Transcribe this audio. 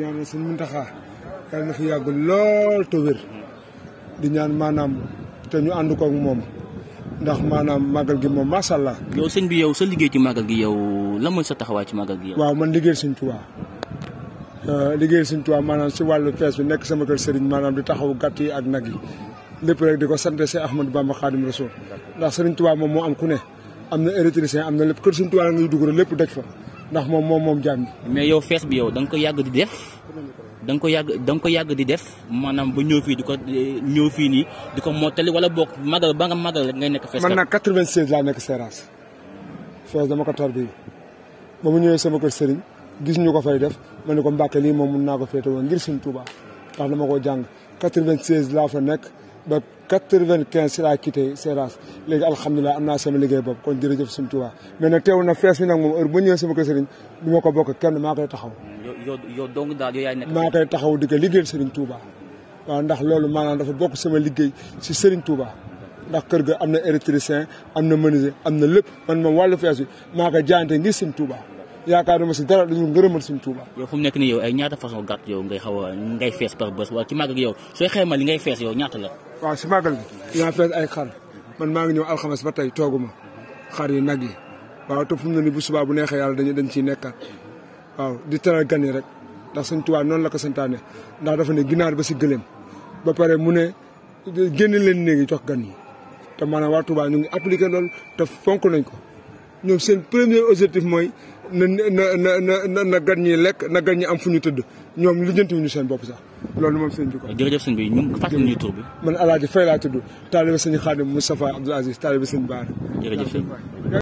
ñaanal suñu muntaxaa yàlla na fi yàgg lool te di ñaan maanaam te ñu ànd kook moom ndax maanaam màggal gi moom macha allah. yow sëñ bi yow sa liggéey ci màggal gi yow la mooy sa taxawaay ci màggal gi yow. waaw man liggéey sëñ Tuubaa euh, liggéey sëñ Tuubaa maanaam si wàllu fees bi nekk sama kër sëriñ maanaam di taxaw gàtt yi ak nag yi lépp rek di ko sant si Ahmadou Bamba Xaadim Rasuul ndax sëriñ Tuubaa moom moo am ku ne am na électricien am na lépp kër sëñ Tuubaa la ngay dugg lépp daj fa. ndax moom moom moom jaam mais yow fees bi yow da nga ko yàgg di def da nga ko yàgg da yàgg di def maanaam ba ñëw fii di ko ñëw fii nii di ko mottali wala boog magal ba nga magal rek ngay nekk fees. man nag 96 laa nekk Seras fees dama ko tar bi ba mu ñëwee sama ko Serigne gis ñu ko fay def ma ne ko Mbàkke lii moom mun naa ko féete woon ngir suñ Touba ndax dama ko jàng 96 laa fa nekk. ba quatre-vingt-quinze si laa quitté Seras léegi alhamdulilah am na sama liggéey boobu kon jërëjëf suñu Tuubaa mais nag teewul nag fees mi nag moom heure bu ñëwee sama kër sëriñ du ma ko bokk kenn maa koy taxaw. yow yow dong daal yow ndax loolu dafa bokk sama liggéey si sëriñ Tuubaa ndax kër ga am na électricien am na menuisier am na lépp man moom wàllu fees bi maa koy jaayante ngir sëriñ Tuubaa yaakaaruma si dara dañu ngërëmal suñu Tuuba yow fu mu nekk nii yow ay ñaata façon gàtt yow ngay a ngay fees par bés wala ci màgg ak yow sooy xayma ngay fees yow ñaata la waaw si màggal gi dinaa fees ay xar man maa ngi ñëw alxames ba tey tooguma xar yi nag yi waaw te fu mu ne nii bu subaa bu neexee yàlla dañu dañ ciy nekkaat waaw di teral gan yi rek ndax sëñ Tuubaa noonu la ko santaane ndax dafa ne ginaar ba si gëléem ba pare mu ne génn leen néegi jox gan yi te maanaam waa Tuubaa ñu ngi appliqué loolu te fonk nañ ko ñoom seen premier objectif mooy na na na na gan ñi lekk na gan ñi am fu ñu tëdd ñoom lijjanti ñu seen bopp sax loolu moom seen jikko. jërëjëf sëñ bi ñu fàttali ñu tur bi. man El Hadj Faye laa tudd taaliba sëñ Xaadim Moustapha Abdoul Aziz taaliba sëñ Baar.